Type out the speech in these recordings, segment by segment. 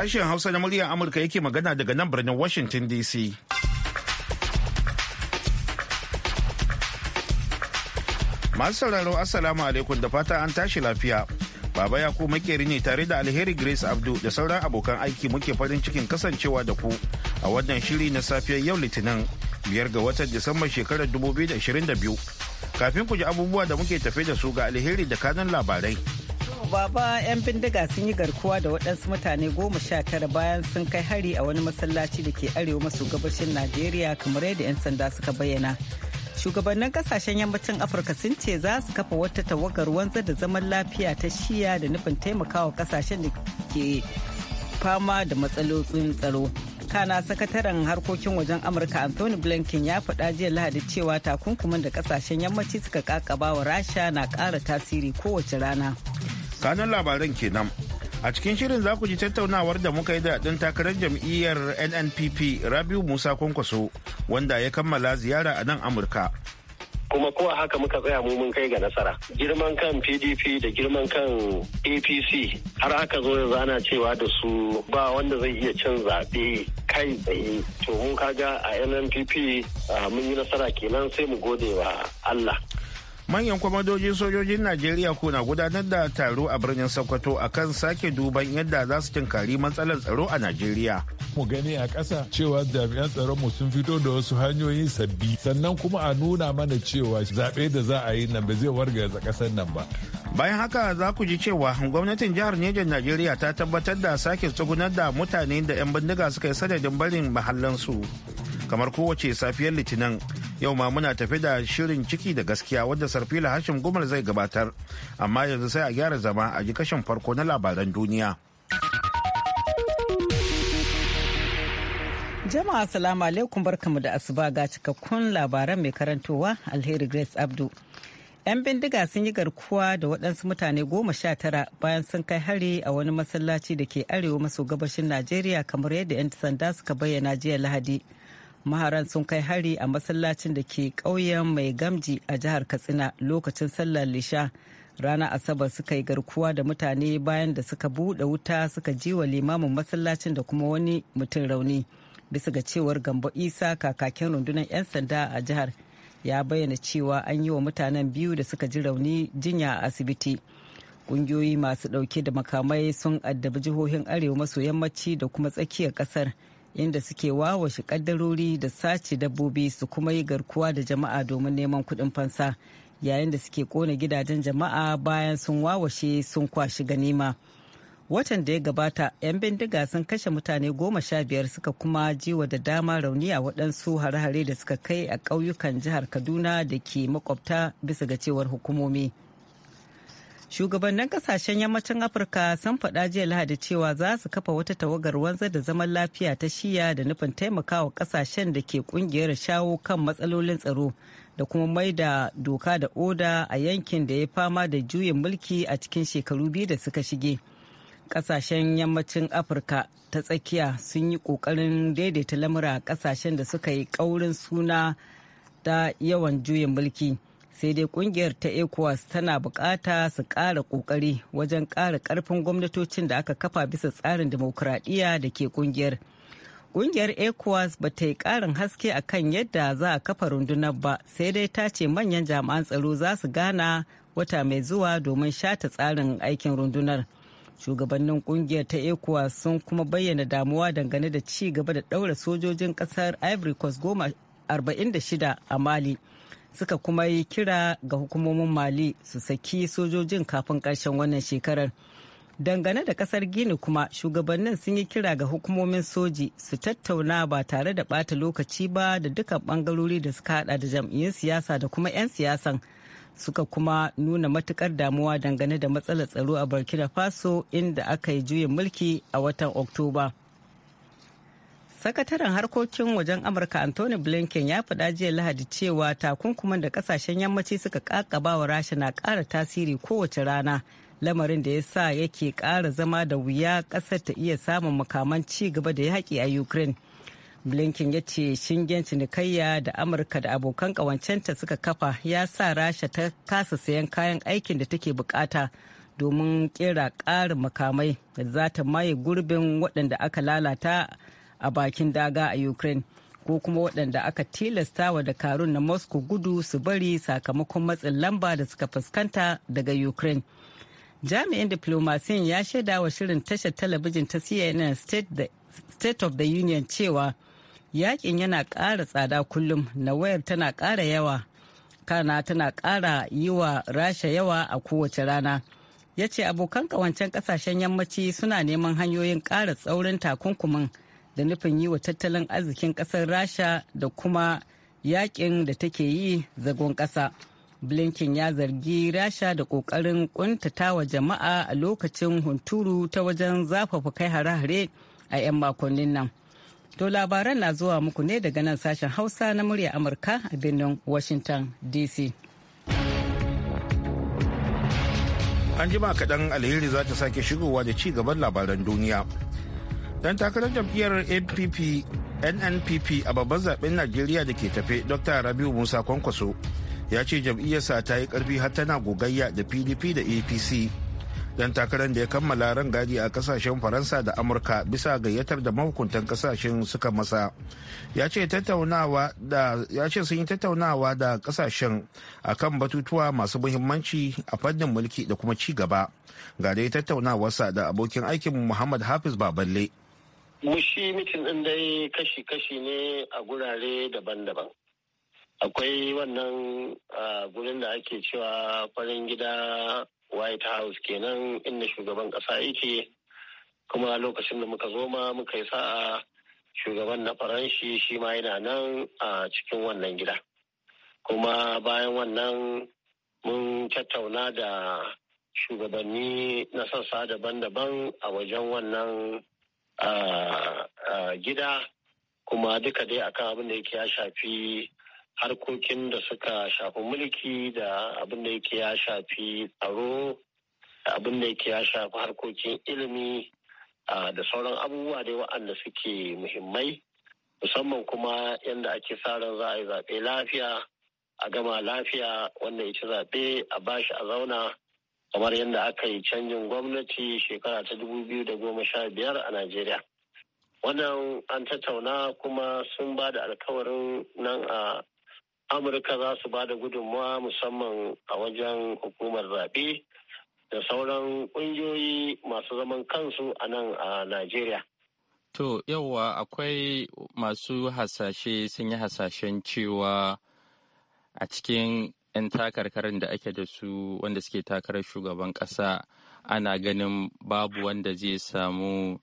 Sashen Hausa na muryar Amurka yake magana daga nan birnin Washington DC. Masu sauraro Assalamu alaikum da fata an tashi lafiya. Baba Yakubu makeri ne tare da Alheri Grace Abdu da sauran abokan aiki muke farin cikin kasancewa da ku a wannan shiri na safiyar yau Litinin biyar ga watan Disamba shekarar 2022. Kafin ku ji abubuwa da muke tafe da su ga Alheri da kanun labarai. baba 'yan bindiga sun yi garkuwa da waɗansu mutane goma sha tara bayan sun kai hari a wani masallaci da ke arewa maso gabashin najeriya kamar yadda 'yan sanda suka bayyana shugabannin kasashen yammacin afirka sun ce za su kafa wata tawagar wanzar da zaman lafiya ta shiya da nufin taimakawa kasashen da ke fama da matsalolin tsaro kana sakataren harkokin wajen amurka anthony blinken ya faɗa jiya lahadi cewa takunkumin da kasashen yammaci suka kakaba wa rasha na ƙara tasiri kowace rana kanan labaran kenan a cikin shirin za ku ji tattaunawar da muka yi da ɗin takarar jam'iyyar nnpp rabiu musa kwankwaso wanda ya kammala ziyara a nan amurka kuma ko a haka muka tsaya mu mun kai ga nasara girman kan pdp da girman kan apc har aka zo yanzu ana cewa da su ba wanda zai iya cin zaɓe kai tsaye to mun kaga a nnpp mun yi nasara kenan sai mu gode wa allah manyan kwamadojin sojojin najeriya ko na gudanar da taro a birnin sokoto a kan sake duban yadda za su tinkari matsalar tsaro a najeriya mu gani a kasa cewa jami'an tsaron mu sun fito da wasu hanyoyin sabbi sannan kuma a nuna mana cewa zaɓe da za a yi nan ba zai wargaza ƙasar nan ba bayan haka za ku ji cewa gwamnatin jihar Nejan Najeriya ta tabbatar da sake tsugunar da mutane da 'yan bindiga suka yi sanadin barin mahallansu kamar kowace safiyar litinin yau ma muna tafi da shirin ciki da gaskiya wadda sarfila hashim gumar zai gabatar amma yanzu sai a gyara zama a ji kashin farko na labaran duniya jama'a salamu alaikum barkamu da asuba ga cikakkun labaran mai karantowa alheri grace abdu 'yan bindiga sun yi garkuwa da waɗansu mutane goma sha tara bayan sun kai hari a wani masallaci da ke arewa maso gabashin najeriya kamar yadda 'yan sanda suka bayyana jiya lahadi maharan sun kai hari a masallacin da ke ƙauyen mai gamji a jihar katsina lokacin sallar lisha rana asabar suka yi garkuwa da mutane bayan da suka buɗe wuta suka ji wa limamin masallacin da kuma wani mutum rauni bisa ga cewar gambo isa kakakin rundunar 'yan sanda a jihar ya bayyana cewa an yi wa mutanen biyu da suka ji rauni jinya a asibiti ƙungiyoyi masu ɗauke da makamai sun addabi jihohin arewa maso yammaci da kuma tsakiyar ƙasar inda suke wawashe kaddarori da sace dabbobi su kuma yi garkuwa da jama'a domin neman kuɗin fansa yayin da suke kone gidajen jama'a bayan sun wawashe sun kwashi ganima watan da ya gabata 'yan bindiga sun kashe mutane goma sha biyar suka kuma jiwa da dama rauni a waɗansu hare-hare da suka kai a ƙauyukan jihar kaduna da ke makwabta bisa ga cewar hukumomi. shugabannin kasashen yammacin afirka sun faɗa jiya lahadi cewa za su kafa wata tawagar wanzar da zaman lafiya ta shiya da nufin taimakawa kasashen da ke kungiyar shawo kan matsalolin tsaro da kuma mai da doka da oda a yankin da ya fama da juyin mulki a cikin shekaru biyu da suka shige kasashen yammacin afirka ta tsakiya sun yi kokarin daidaita lamura kasashen da suka yi kaurin suna ta yawan juyin mulki. sai dai kungiyar ta ecowas tana bukata su kara kokari wajen kara karfin gwamnatocin da aka kafa bisa tsarin demokuraɗiyya da ke kungiyar kungiyar ecowas ba ta yi karin haske a kan yadda za a kafa rundunar ba sai dai ta ce manyan jami'an tsaro za su gana wata mai zuwa domin shata tsarin aikin rundunar shugabannin kungiyar ta ecowas sun kuma bayyana damuwa dangane da ci gaba da ɗaura sojojin kasar ivory coast goma shida a mali suka kuma yi kira ga hukumomin mali su saki sojojin kafin ƙarshen wannan shekarar dangane da kasar gini kuma shugabannin sun yi kira ga hukumomin soji su tattauna ba tare da ɓata lokaci ba da duka bangarori da suka hada da jam'iyyun siyasa da kuma 'yan siyasan suka kuma nuna matukar damuwa dangane da matsalar tsaro a burkina faso inda aka yi juyin mulki a watan oktoba sakataren harkokin wajen amurka anthony blinken ya faɗa jiya lahadi cewa takunkuman da kasashen yammaci suka kakaba wa rasha na ƙara tasiri kowace rana lamarin da ya sa yake ƙara zama da wuya ƙasar ta iya samun makaman ci gaba da yaƙi a ukraine blinken ya ce shingen cinikayya da amurka da abokan ƙawancenta suka kafa ya sa rasha ta kasa sayan kayan aikin da take bukata domin kera ƙarin makamai da za ta maye gurbin waɗanda aka lalata a bakin daga a ukraine ko kuma waɗanda aka tilasta wa dakarun na moscow gudu su bari sakamakon matsin lamba da suka fuskanta daga ukraine jami'in diplomasiyan ya shaida wa shirin tashar talabijin ta cnn state of the union cewa yakin yana ƙara tsada kullum na wayar tana ƙara yawa kana tana ƙara yi wa rasha yawa a kowace rana ya ce abokan ƙawancen ƙasashen yammaci suna neman hanyoyin ƙara tsaurin takunkumin da nufin yi wa tattalin arzikin kasar rasha da kuma yakin da take yi zagon kasa blinken ya zargi rasha da kuntata wa jama'a a lokacin hunturu ta wajen zafafa kai hare-hare a 'yan makonnin nan to labaran na zuwa muku ne daga nan sashen hausa na murya amurka a birnin washington dc an jima kaɗan alheri za ta sake shigowa da ci gaban labaran duniya dan takarar jam'iyyar npp nnpp a babban zaben najeriya da ke tafe dr rabiu musa kwankwaso ya ce jam'iyyarsa ta yi karfi har tana gogayya da pdp da apc dan takarar da ya kammala ran gadi a kasashen faransa da amurka bisa gayyatar da mahukuntan kasashen suka masa ya ce sun yi tattaunawa da kasashen akan batutuwa masu muhimmanci a fannin mulki da kuma ci gaba ga dai tattaunawarsa da abokin aikin muhammad hafiz baballe mushi mitin ɗin dai kashi-kashi ne a gurare daban-daban akwai wannan gurin da ake cewa farin gida white house kenan inda shugaban ƙasa yake kuma lokacin da muka zo ma muka yi sa'a shugaban na faranshi shi ma yana nan a cikin wannan gida kuma bayan wannan mun tattauna da shugabanni na sassa daban-daban a wajen wannan gida kuma duka dai akan abin da yake ya shafi harkokin da suka shafi mulki da abin da yake ya shafi tsaro da abin da yake ya shafi harkokin ilimi da sauran abubuwa dai waɗanda suke muhimmai musamman kuma yadda ake sa ran za a yi zaɓe lafiya a gama lafiya wanda ya ci zaɓe a bashi a zauna kamar yadda aka yi canjin gwamnati shekara ta dubu biyu da goma sha biyar a Najeriya. Wannan an tattauna kuma sun ba da alkawarin nan a Amurka za su ba da gudunmawa musamman a wajen hukumar zaɓe da sauran ƙungiyoyi masu zaman kansu a nan a Najeriya. To, yauwa akwai masu hasashe sun yi hasashen cewa a cikin 'yan takarkarin da ake da su wanda suke takarar shugaban ƙasa ana ganin babu wanda zai samu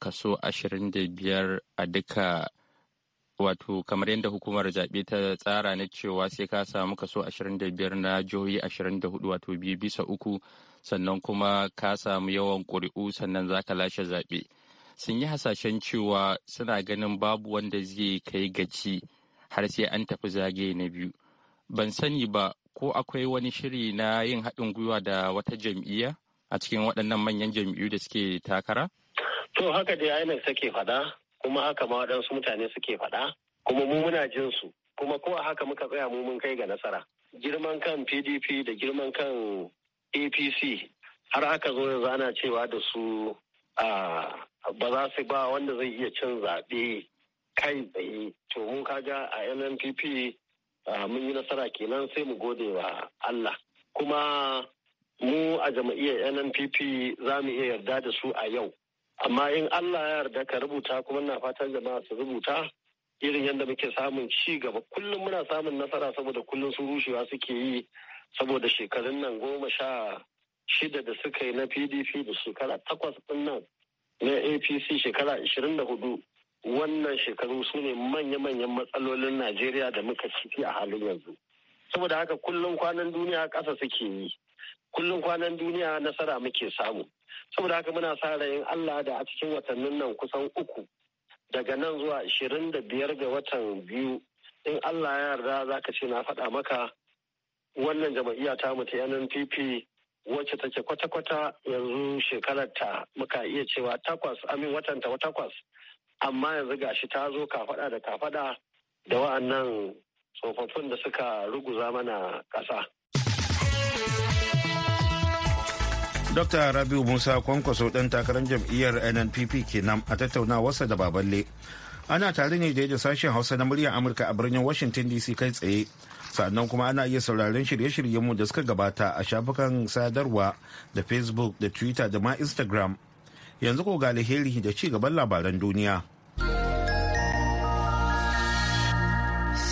kaso 25 a duka wato kamar yadda hukumar zaɓe ta tsara na cewa sai ka samu kaso 25 na jihohi 24 wato biyu bisa uku sannan kuma ka samu yawan ƙuri'u sannan za ka lashe zaɓe sun yi hasashen cewa suna ganin babu wanda zai kai gaci har sai an tafi zagaye na biyu ban sani ba ko akwai wani shiri na yin haɗin gwiwa da wata jam'iyya a cikin waɗannan manyan jam'iyyu da suke takara? To haka dai ainihin suke faɗa kuma haka ma waɗansu mutane suke faɗa kuma mu muna jin su kuma ko haka muka tsaya mu mun kai ga nasara. Girman kan PDP da girman kan APC har aka zo yanzu ana cewa da su ba za su ba wanda zai iya cin zaɓe kai tsaye. To mun kaga a NNPP Ah, mun yi nasara kenan sai mu gode wa Allah kuma mu a jam'iyyar nnpp za mu iya yarda da su a yau amma in allah ya yarda ka rubuta kuma na fatan jama'a su rubuta irin yadda muke samun ci gaba kullum muna samun nasara saboda kullum su rushewa suke yi saboda shekarun nan goma sha shida da suka yi na pdp da shekara takwas nan na apc shekara ashirin da hudu wannan shekaru su ne manya-manyan matsalolin najeriya da muka ciki a halin yanzu saboda haka kullum kwanan duniya ƙasa suke yi kullum kwanan duniya nasara muke samu saboda haka muna sa rayin allah da a cikin watannin nan kusan uku daga nan zuwa ashirin da biyar ga watan biyu in allah ya yarda za ka ce na faɗa maka wannan jama'iyya ta mu ta nnpp wacce take kwata-kwata yanzu shekarar muka iya cewa takwas amin watanta wa takwas amma yanzu gashi ta zo kafada da kafada da wa'annan tsofaffin da suka ruguza mana ƙasa. Dr. Rabiu Musa Kwankwaso ɗan takarar jam'iyyar NNPP kenan a tattaunawarsa da Baballe. Ana tare ne da sashen Hausa na muryar Amurka a birnin Washington DC kai tsaye. sannan kuma ana iya sauraron shirye-shiryenmu da suka gabata a shafukan sadarwa da Facebook da Twitter da ma Instagram. Yanzu ko ga alheri da ci gaban labaran duniya.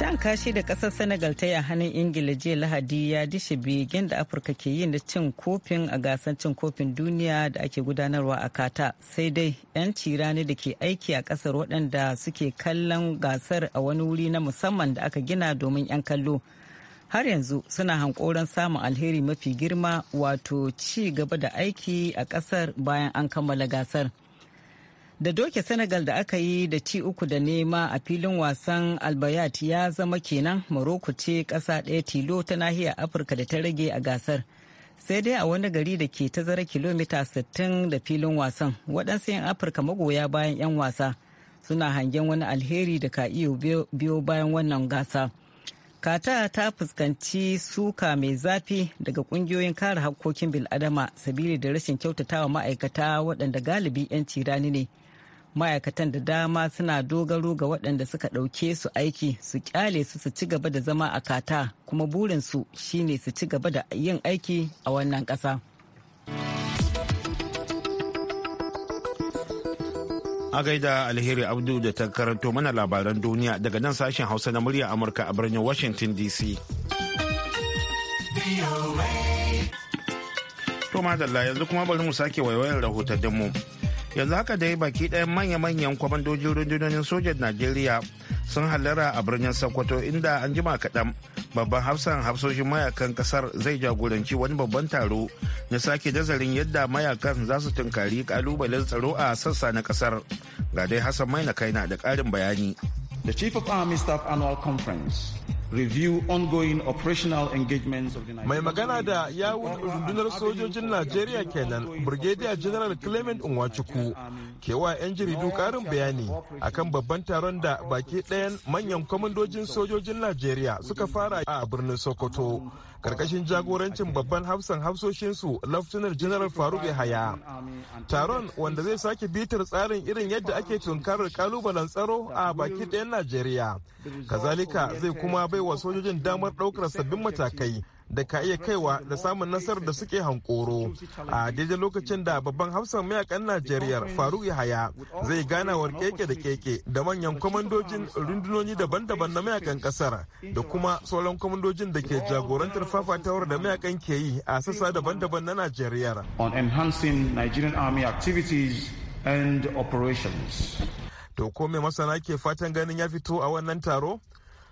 Shan kashi da kasar Senegal ta yi a hannun Ingila jiya Lahadi ya dishe begen da Afirka ke yi na cin kofin a gasar cin kofin duniya da ake gudanarwa a Kata. Sai dai 'yan cirani da ke aiki a kasar waɗanda suke kallon gasar a wani wuri na musamman da aka gina domin 'yan kallo. Har yanzu suna hankoron samun alheri mafi girma wato ci gaba da aiki a kasar bayan an kammala gasar. da doke senegal da aka yi da ci uku da nema a filin wasan albayat ya zama kenan maroko ce kasa ɗaya tilo ta nahiyar afirka da ta rage a gasar sai dai a wani gari da ke tazara kilomita 60 da filin wasan waɗansu 'yan afirka magoya bayan 'yan wasa suna hangen wani alheri da ka iya biyo bayan wannan gasa kata ta fuskanci suka mai zafi daga kungiyoyin kare hakkokin biladama sabili da rashin kyautatawa ma'aikata waɗanda galibi 'yanci rani ne ma'aikatan da dama suna dogaro ga waɗanda suka ɗauke su aiki su kyale su su ci gaba da zama a kata kuma burinsu shine su ci gaba da yin aiki a wannan ƙasa. a gaida alheri abdu da ta karanto mana labaran duniya daga nan sashen hausa na murya amurka a birnin washington dc to madalla yanzu kuma bari mu sake waiwayar rahotanninmu yanzu haka dai baki ɗayan manya-manyan kwamandojin rundunonin sojan najeriya sun hallara a birnin sokoto inda an jima kaɗan babban hafsan hafsoshin mayakan ƙasar zai jagoranci wani babban taro na sake nazarin yadda mayakan za su tunkari ƙalubalen tsaro a sassa na ƙasar ga dai hassan kai na da ƙarin bayani The Chief of Army Staff Annual Conference review ongoing operational engagements Mai magana da yawun rundunar sojojin Najeriya kenan Brigadier General Clement Nwachukwu ke wa 'yan jaridu karin bayani akan babban taron da baki ɗayan manyan kwamandojin sojojin Najeriya suka fara a birnin Sokoto. karkashin jagorancin babban hafsan hafsoshinsu laftanar general faruk yahaya taron wanda zai sake bitar tsarin irin yadda ake tunkarar kalubalen tsaro a baki ɗayan najeriya kazalika zai kuma bai baiwa sojojin damar ɗaukar sabbin matakai da ka iya kaiwa da samun nasarar da suke hankoro a daidai lokacin da babban hafsan mayakan najeriya faruk yahaya zai ganawar keke da keke da manyan kwamandojin rundunoni daban-daban na mayakan kasar da kuma sauran kwamandojin da ke jagorantar fafatawar da mayakan ke yi a sassa daban-daban na najeriya on enhancing nigerian army activities and operations to ko masana ke fatan ganin ya fito a wannan taro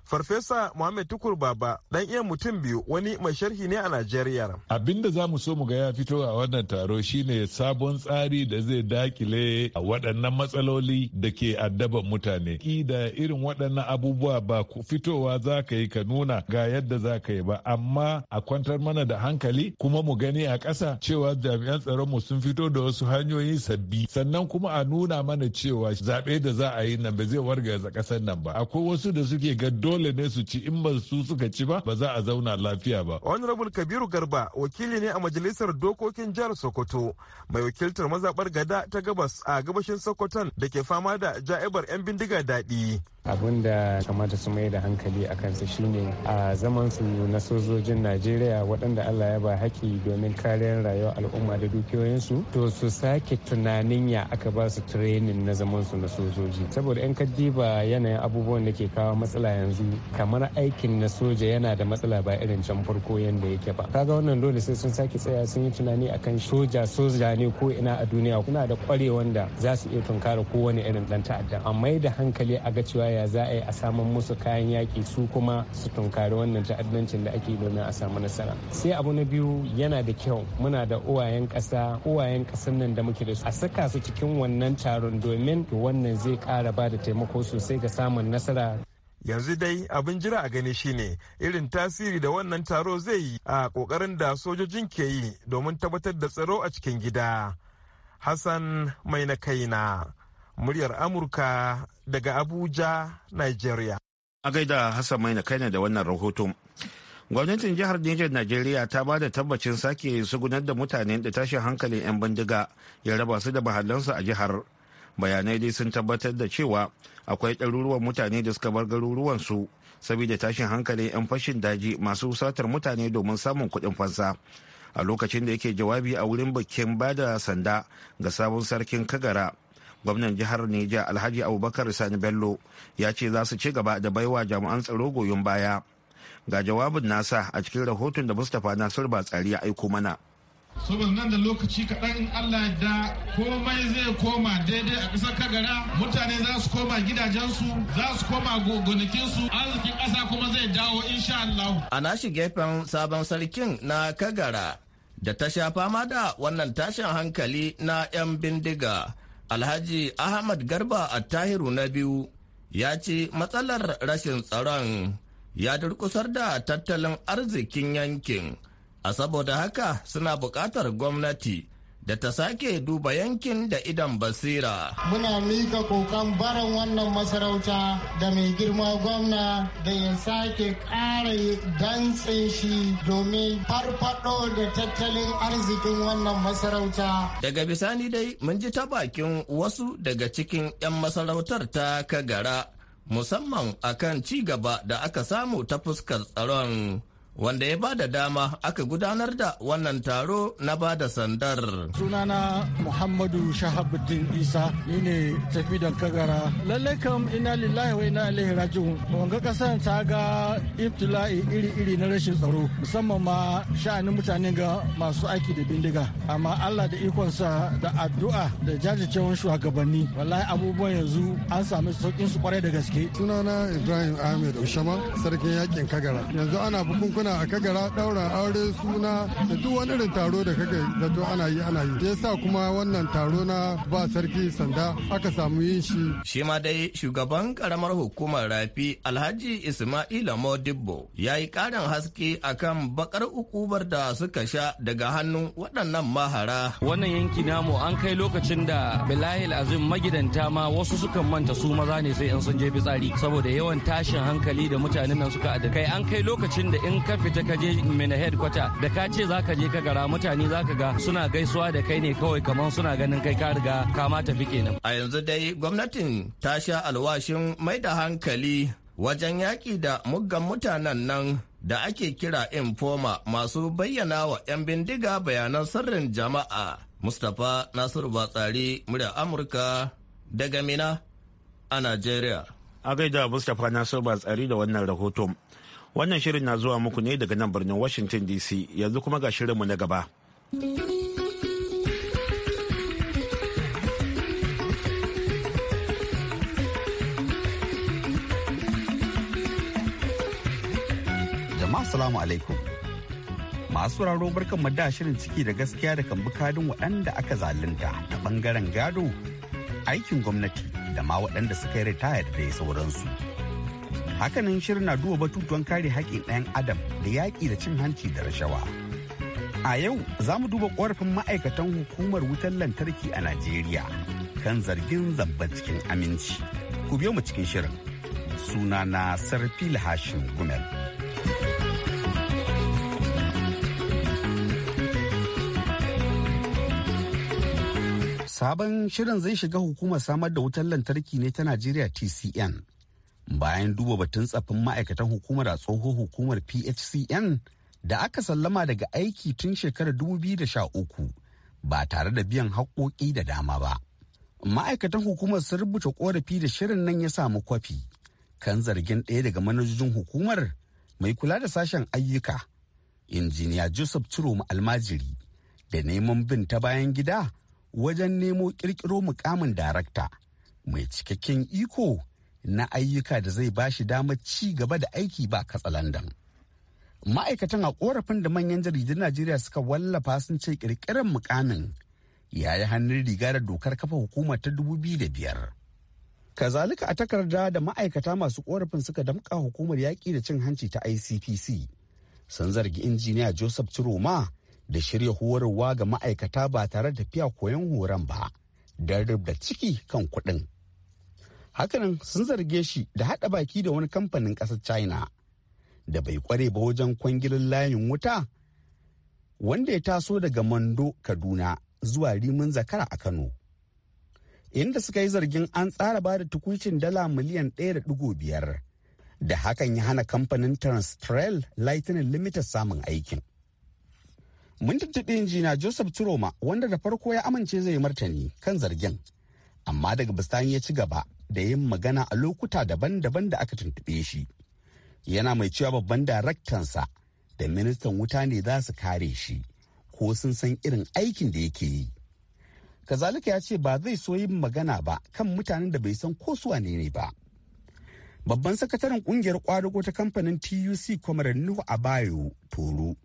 Farfesa Muhammad Tukur Baba dan iya mutum biyu wani mai sharhi ne a Najeriya. Abin da za mu so mu ga ya fito a wannan taro shine sabon tsari da zai dakile a waɗannan matsaloli da ke addaban mutane. Ki da irin waɗannan abubuwa ba fitowa za ka yi ka nuna ga yadda za ka yi ba amma a kwantar mana da hankali kuma mu gani a ƙasa cewa jami'an tsaron mu sun fito da wasu hanyoyi sabbi sannan kuma a nuna mana cewa zaɓe da za a yi nan ba zai wargaza ƙasar nan ba. Akwai wasu da suke ga dole ne su ci in ba su suka ci ba ba za a zauna lafiya ba. Honorable Kabiru Garba wakili ne a majalisar dokokin jihar Sokoto mai wakiltar mazabar gada ta gabas a gabashin Sokoton da ke fama da ja'ibar 'yan bindiga daɗi. abin da kamata su mai da hankali a kansu shine a zaman na sojojin najeriya waɗanda allah ya ba haƙƙi domin kariyar rayuwar al'umma da dukiyoyinsu to su sake tunanin ya aka ba su training na zaman su na sojoji saboda yan kaddiba yanayin abubuwan da ke kawo matsala yanzu kamar aikin na soja yana da matsala ba irin can farko yanda yake ba kaga wannan dole sai sun sake tsaya sun yi tunani akan soja soja ne ko ina a duniya kuna da kwarewan da za su iya tunkara kowane irin dan ta'adda amma da hankali a ga cewa yaya za a yi a saman musu kayan yaƙi su kuma su tunkari wannan ta'addancin da ake domin a samu nasara sai abu na biyu yana da kyau muna da uwayen ƙasa uwayen ƙasar nan da muke da su a saka su cikin wannan taron domin wannan zai ƙara ba da taimako sosai ga samun nasara yanzu dai abin jira a gani shine irin tasiri da wannan taro zai yi a kokarin da sojojin ke yi domin tabbatar da tsaro a cikin gida hassan mai na kaina muryar amurka daga Abuja, Nigeria. A gaida Hassan Maina kaina da wannan rahoto. Gwamnatin jihar Niger Najeriya ta ba da tabbacin sake sugunar da mutane da tashin hankalin 'yan bindiga ya raba su da mahallansu a jihar. Bayanai dai sun tabbatar da cewa akwai ɗaruruwan mutane da suka bar garuruwan su saboda tashin hankalin 'yan fashin daji masu satar mutane domin samun kuɗin fansa. a lokacin da yake jawabi a wurin bikin bada sanda ga sabon sarkin kagara gwamnan jihar neja alhaji abubakar sani bello ya ce za su ci gaba da baiwa jami'an tsaro goyon baya ga jawabin nasa a cikin rahoton da mustapha nasir batsari ya aiko mana saboda nan da lokaci kaɗan in Allah da komai zai koma daidai a ƙasar kagara mutane za su koma gidajensu za su koma gonakinsu arzikin ƙasa kuma zai dawo insha Allah. A nashi gefen sabon sarkin na kagara da ta sha fama da wannan tashin hankali na 'yan bindiga Alhaji Ahmad Garba a Attahiru na biyu ya ce matsalar rashin tsaron ya durkusar da tattalin arzikin yankin, a saboda haka suna buƙatar gwamnati da ta sake duba yankin da idan basira. Muna mika kokan baran wannan masarauta da mai girma gwamna da ya sake ƙara dantsin shi domin farfaɗo da tattalin arzikin wannan masarauta. Daga bisani dai mun ji ta bakin wasu daga cikin 'yan masarautar ta kagara musamman akan ci gaba da aka samu ta fuskar tsaron. wanda ya ba da dama aka gudanar da wannan taro na ba da sandar. Sunana Muhammadu Shahabuddin Isa ni ne tafi da kagara. Lallai kam ina lillahi wa ina ilaihi raji'un. Wanga kasan ta ga iftila'i iri-iri na rashin tsaro musamman ma sha'anin mutane ga masu aiki da bindiga. Amma Allah da ikonsa da addu'a da jajircewan shugabanni wallahi abubuwan yanzu an sami sauƙin su kwarai da gaske. Sunana Ibrahim Ahmed Ushama sarkin yakin kagara. Yanzu ana bukunkuna ana a kagara daura aure suna da duk wani irin taro da kaga zato ana yi ana yi ya sa kuma wannan taro na ba sarki sanda aka samu yin shi shi ma dai shugaban karamar hukumar rafi alhaji ismaila modibbo ya yi karin haske akan bakar ukubar da suka sha daga hannun waɗannan mahara wannan yanki namu an kai lokacin da bilahil azim magidanta ma wasu sukan manta su maza ne sai in sun je fitsari saboda yawan tashin hankali da mutanen nan suka kai an kai lokacin da in ka fita ka je mena headquarter da ka ce zaka je ka gara mutane zaka ga suna gaisuwa da kai ne kawai kamar suna ganin kai ka riga ka ma tafi kenan a yanzu dai gwamnatin ta sha alwashin mai da hankali wajen yaki da muggan mutanen nan da ake kira informa masu bayyana wa 'yan bindiga bayanan sirrin jama'a mustapha nasiru batsari murya amurka daga mina a nigeria a gaida mustapha nasiru batsari da wannan rahoton Wannan shirin na zuwa muku ne daga nan birnin Washington DC yanzu kuma ga shirinmu na gaba. Jama'a salamu alaikum. Masu raro barkan da shirin ciki da gaskiya da kan bukadin waɗanda aka zalunta ta ɓangaren gado, aikin gwamnati da ma waɗanda suka yi ritaya da ya sauransu. hakanan shirin na duba batutuwan kare haƙƙin ɗayan adam da yaƙi da cin hanci da rashawa a yau za mu duba ƙorafin ma'aikatan hukumar wutar lantarki a najeriya kan zargin zamba cikin aminci ku biyo mu cikin shirin suna na sarfi lahashin gumel sabon shirin zai shiga hukumar samar da wutar lantarki ne ta najeriya tcn bayan duba batun tsaffin ma'aikatan hukumar a tsohon hukumar phcn da aka sallama daga aiki tun shekarar 2013 ba tare da biyan haƙoƙi da dama ba ma'aikatan hukumar sun rubuta ƙorafi da shirin nan ya samu kwafi kan zargin ɗaya daga manajojin hukumar mai kula da sashen ayyuka injiniya joseph Turoma almajiri da neman bin ta bayan gida wajen nemo ƙirƙiro mukamin darakta mai cikakken iko na ayyuka da zai ba shi damar ci gaba da aiki ba katsalandan. Ma'aikatan a korafin da manyan jaridun Najeriya suka wallafa sun ce kirkirar mukamin ya yi hannun riga da dokar kafa hukumar ta dubu biyu da biyar. Kazalika a takarda da ma'aikata masu korafin suka damƙa hukumar yaƙi da cin hanci ta ICPC sun zargi injiniya Joseph Chiroma da shirya horarwa ga ma'aikata ba tare da tafiya koyon horon ba don rubda ciki kan kuɗin. hakanan sun zarge shi da haɗa baki da wani kamfanin ƙasar china da bai kware ba wajen kwangilin layin wuta wanda ya taso daga mando kaduna zuwa rimin zakara a kano inda suka yi zargin an tsara ba da tukucin dala miliyan 1.5 da biyar da hakan ya hana kamfanin transtrail lightning limited samun aikin mun tuntuɓi injina joseph turoma wanda da farko ya amince zai martani kan zargin amma daga bisani ya ci gaba da yin magana a lokuta daban-daban da aka tuntuɓe shi. Yana mai cewa babban daraktansa da ministan wuta ne za su kare shi ko sun san irin aikin da yake yi. Kazalika ya ce ba zai so yin magana ba kan mutanen da bai san ko su ne ba. Babban sakataren kungiyar kwadago ta kamfanin TUC Kwamarar Nuhu Abayo Toro,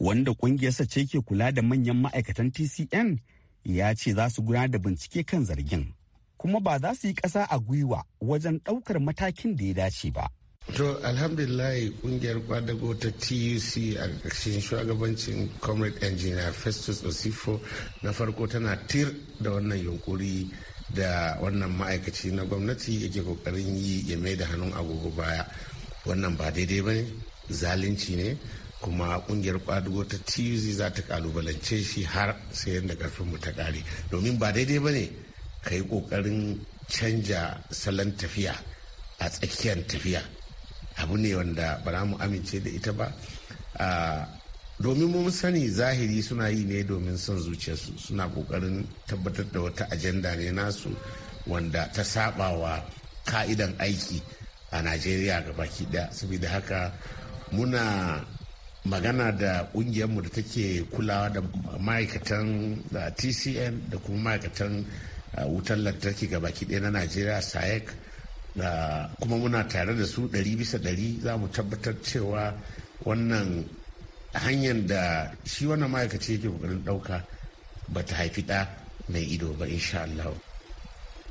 wanda kungiyarsa ce ke kula da manyan ma'aikatan TCN ya ce za su gudanar da bincike kan zargin. kuma ba za su yi ƙasa a gwiwa wajen ɗaukar matakin da ya dace ba. To alhamdulillah kungiyar kwadago ta TUC a ƙarshen shugabancin Comrade Engineer Festus Osifo na farko tana tir da wannan yunkuri da wannan ma'aikaci na gwamnati yake kokarin yi ya mai da hannun agogo baya. Wannan ba daidai ba ne, zalunci ne, kuma kungiyar kwadugo ta tuc za ta kalubalance shi har sai da karfin mu ta kare domin ba daidai ba ne ka yi ƙoƙarin canja salon tafiya a tsakiyar tafiya abu ne wanda ba na mu amince da ita ba domin mun sani zahiri suna yi ne domin son zuciyarsu suna ƙoƙarin tabbatar da wata ajanda ne nasu wanda ta saba wa ka'idan aiki a najeriya ga baki daya saboda haka muna magana da ƙungiyarmu da take kulawa da ma'aikatan tcn da kuma ma'aikatan wutar lantarki ga baki ɗaya na najeriya saec kuma muna tare da su ɗari bisa ɗari za mu tabbatar cewa wannan hanyar da shi wannan ma'aikaci yake kokarin ɗauka ba ta haifi ɗa mai ido ba insha Allah.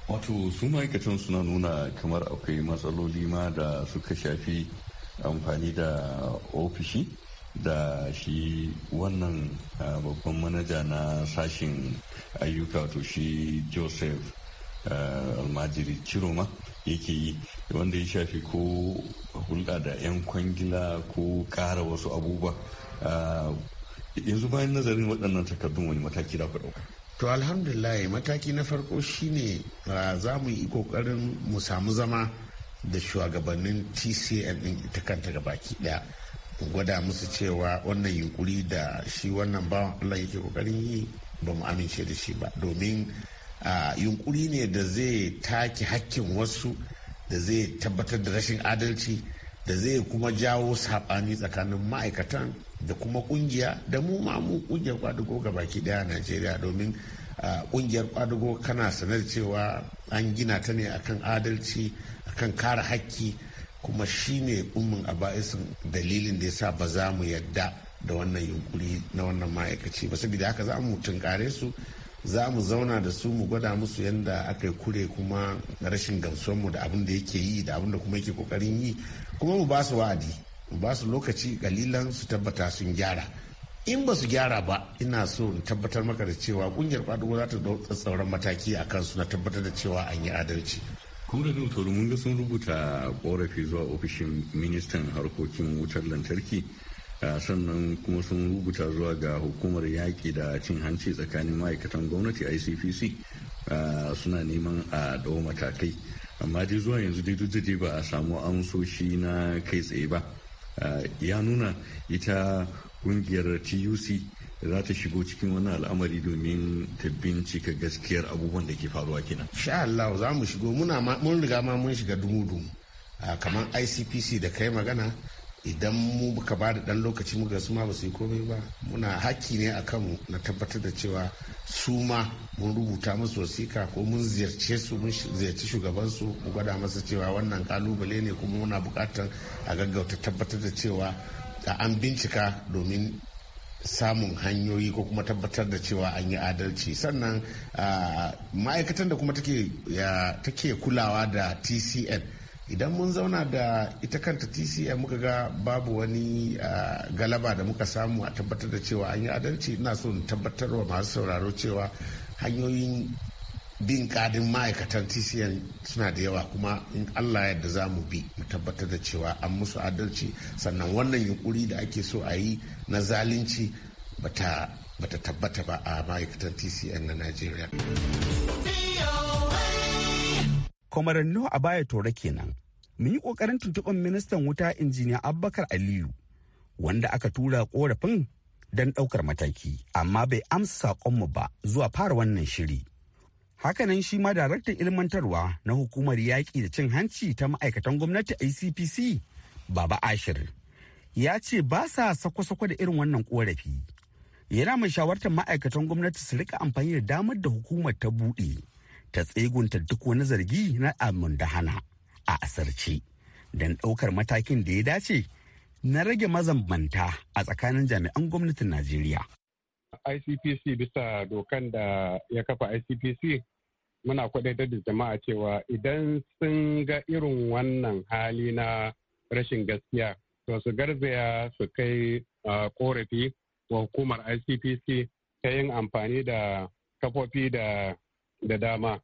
wato su ma'aikatan suna nuna kamar akwai matsaloli ma da suka shafi amfani da ofishi da shi wannan babban manaja na sashen ayyuka to shi joseph almajiri ciroma yake yi wanda ya shafi ko hulɗa da 'yan kwangila ko ƙara wasu abubuwa yanzu bayan nazarin waɗannan takardun wani mataki da ɗauka to alhamdulillah mataki na farko shine za mu yi ƙoƙarin mu samu zama da shugabannin tcn ɗin ita kanta baki ɗaya gwada musu cewa wannan yunkuri da shi wannan bawan Allah yake kokarin yi ba mu amince da shi ba domin yunkuri ne da zai take hakkin wasu da zai tabbatar da rashin adalci da zai kuma jawo saɓani tsakanin ma'aikatan da kuma kungiya da mu ma mu kungiyar kwadugo ga baki daya a najeriya domin kungiyar kwadugo kana sanar cewa an gina ta ne akan adalci akan kare hakki kuma shine ummin aba'isin dalilin da ya sa ba za mu yadda da wannan yunkuri na wannan ma'aikaci ba saboda haka za mu tunkare su za mu zauna da su mu gwada musu yadda aka yi kure kuma rashin mu da abin da yake yi da abin da kuma yake kokarin yi kuma mu ba su wa'adi mu ba su lokaci kalilan su tabbata sun gyara in ba su gyara ba ina so in tabbatar maka da cewa kungiyar kwadugo za ta tsauran mataki a kansu na tabbatar da cewa an yi adalci kuma da tsoro mun ga sun rubuta korafi zuwa ofishin ministan harkokin wutar lantarki sannan kuma sun rubuta zuwa ga hukumar yaƙi da cin hanci tsakanin ma'aikatan gwamnati icpc suna neman a dawo matakai amma dai zuwa yanzu dai duk ba a samu amsoshi na kai tsaye ba ya nuna ita kungiyar tuc za ta shigo cikin wani al'amari domin ta bincika gaskiyar abubuwan da ke faruwa kenan. Sha Allah za mu shigo muna mun riga ma mun shiga dumu-dumu kamar ICPC da kai magana idan mu muka ba da dan lokaci muka su ma ba su yi komai ba muna haƙƙi ne a kanmu na tabbatar da cewa su ma mun rubuta masu wasiƙa ko mun ziyarce su mun ziyarci shugabansu mu gwada masa cewa wannan kalubale ne kuma muna buƙatar a gaggauta tabbatar da cewa an bincika domin samun hanyoyi ko kuma tabbatar da cewa an yi adalci sannan ma'aikatan da kuma take kulawa da tcn idan mun zauna da ita kanta tcn muka ga babu wani galaba da muka samu a tabbatar da cewa an yi adalci ina so tabbatar wa masu sauraro cewa hanyoyin bin kadin ma'aikatan tcn suna da yawa kuma in allah yadda za mu bi mu tabbatar da cewa an musu adalci sannan wannan yunkuri da ake so a yi na zalunci bata tabbata ba a ma'aikatan tcn na najeriya kwamarar a baya tore kenan mun yi kokarin tuntuɓar ministan wuta injiniya abubakar aliyu wanda aka tura korafin don ɗaukar mataki amma bai amsa saƙonmu ba zuwa fara wannan shiri Hakanan shi ma daraktan ilmantarwa na hukumar yaƙi da cin hanci ta ma'aikatan gwamnati ICPC Baba Ashir ya ce ba sa sako-sako da irin wannan korafi. Yana mai shawartar ma'aikatan gwamnati su rika amfani da damar da hukumar ta buɗe ta tsegunta duk wani zargi na hana a asarce don ɗaukar matakin da ya dace na rage mazambanta a tsakanin jami'an gwamnatin Najeriya. ICPC bisa dokan da ya kafa ICPC muna kwadaitar da jama'a cewa idan sun ga irin wannan hali na rashin gaskiya to su garzaya su kai korafi wa hukumar icpc ta yin amfani da kafofi da dama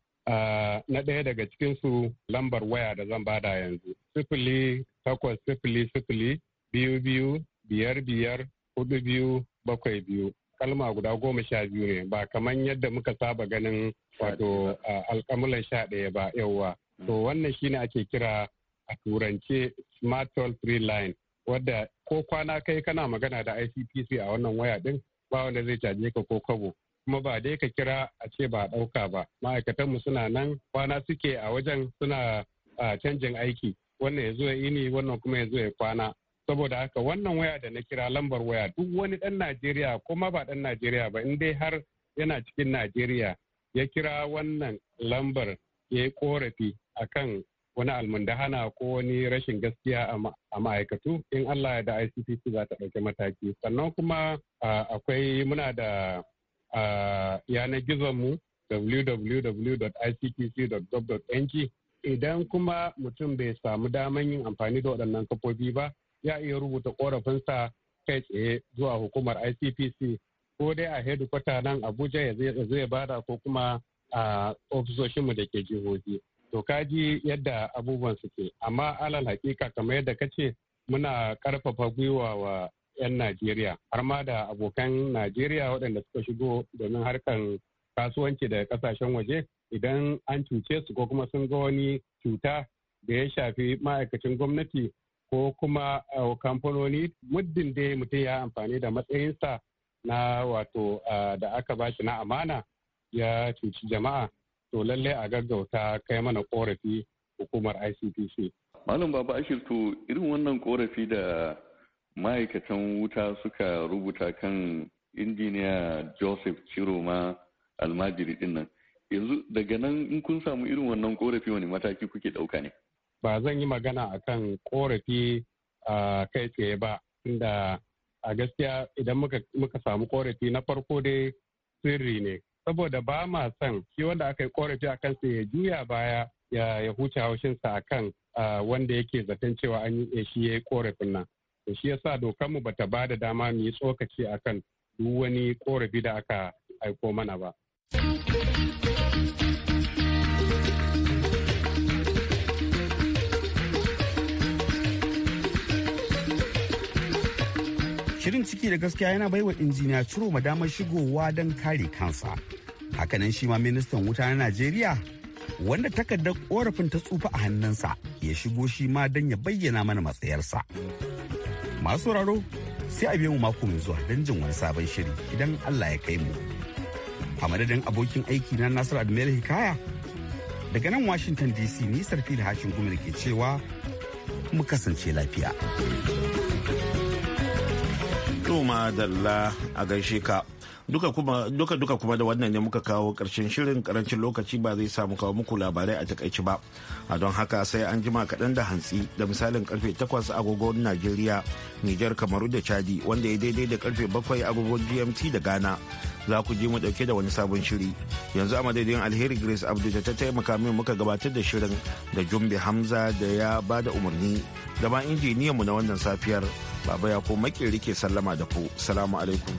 na ɗaya daga cikinsu lambar waya da zan bada yanzu sifili takwas sifili sifili biyu biyu biyar biyar hudu biyu bakwai biyu kalma guda goma sha biyu ne ba kamar yadda muka saba ganin wato alkamulan sha ɗaya ba yauwa to wannan shine ake kira a turance smart toll free line wadda ko kwana kai kana magana da icpc a wannan waya din ba wanda zai caje ka ko kabo kuma ba dai ka kira a ce ba ɗauka ba ma'aikatanmu suna nan kwana suke a wajen suna canjin aiki wannan ya zo ya ini wannan kuma ya zo ya kwana saboda haka wannan waya da na kira lambar waya duk wani dan najeriya kuma ba dan najeriya ba in dai har yana cikin najeriya ya kira wannan lambar ya yi korafi kan wani almundahana ko wani rashin gaskiya a ma'aikatu in Allah ya da ICPC za ta ɗauki mataki sannan kuma akwai muna da yanar gizonmu www.icpc.gov.ng idan kuma mutum bai samu daman yin amfani da waɗannan kafofi ba ya iya rubuta korafinsa kai tsaye zuwa hukumar ICPC ko dai a hedikwata nan Abuja ya zai bada ko kuma a ofisoshin mu da ke jihohi. To ji yadda abubuwan suke, amma alal hakika kamar yadda ka ce muna karfafa gwiwa wa 'yan Najeriya, har ma da abokan Najeriya waɗanda suka shigo domin harkar kasuwanci da kasashen waje idan an cuce su ko kuma sun ga wani cuta da ya shafi ma'aikacin gwamnati ko kuma eh, kamfanoni muddin dai mutum ya amfani da matsayinsa na wato eh, da aka bashi na amana ya cuci jama'a to lallai a gaggauta kai mana korafi hukumar icpc malam baba to irin wannan korafi da ma'aikatan wuta suka rubuta kan injiniya joseph chiroma almajiri din nan yanzu daga nan in kun samu irin wannan korafi wani mataki kuke dauka ne ba zan yi magana a kan korafi kai tsaye ba inda a gaskiya idan muka samu korafi na farko dai sirri ne saboda ba ma son shi wanda aka yi korafi a kansa ya juya baya ya huce haushinsa a kan wanda yake zaton cewa an yi eh, shi ya yi korafin nan to shi sa dokanmu ba ta ba da dama mu yi tsokaci akan duk wani korafi da aka aiko mana ba. Shirin ciki da gaskiya yana baiwa injiniya ciro ma damar shigowa don kare kansa. Hakanan shi ma ministan wuta na Najeriya wanda takardar korafin ta tsufa a hannunsa ya shigo shi ma don ya bayyana mana matsayarsa. Masu sauraro sai a biyan mu mako mai zuwa don jin wani sabon shiri idan Allah ya kai mu. A madadin abokin aiki na Nasiru Admiral Hikaya daga nan Washington DC nisar fili hashin gumi ke cewa mu kasance lafiya. To dalla a gaishe ka. duka kuma duka kuma da wannan ne muka kawo karshen shirin karancin lokaci ba zai samu kawo muku labarai a takaici ba a don haka sai an jima kaɗan da hantsi da misalin karfe takwas agogon najeriya nijar kamaru da chadi wanda ya daidai da karfe bakwai agogon gmt da ghana za ku ji mu dauke da wani sabon shiri yanzu a madadin alheri grace abdul ta taimaka min muka gabatar da shirin da jumbe hamza da ya ba da umarni da ma mu na wannan safiyar baba ya ko makirike ke sallama da ku salamu alaikum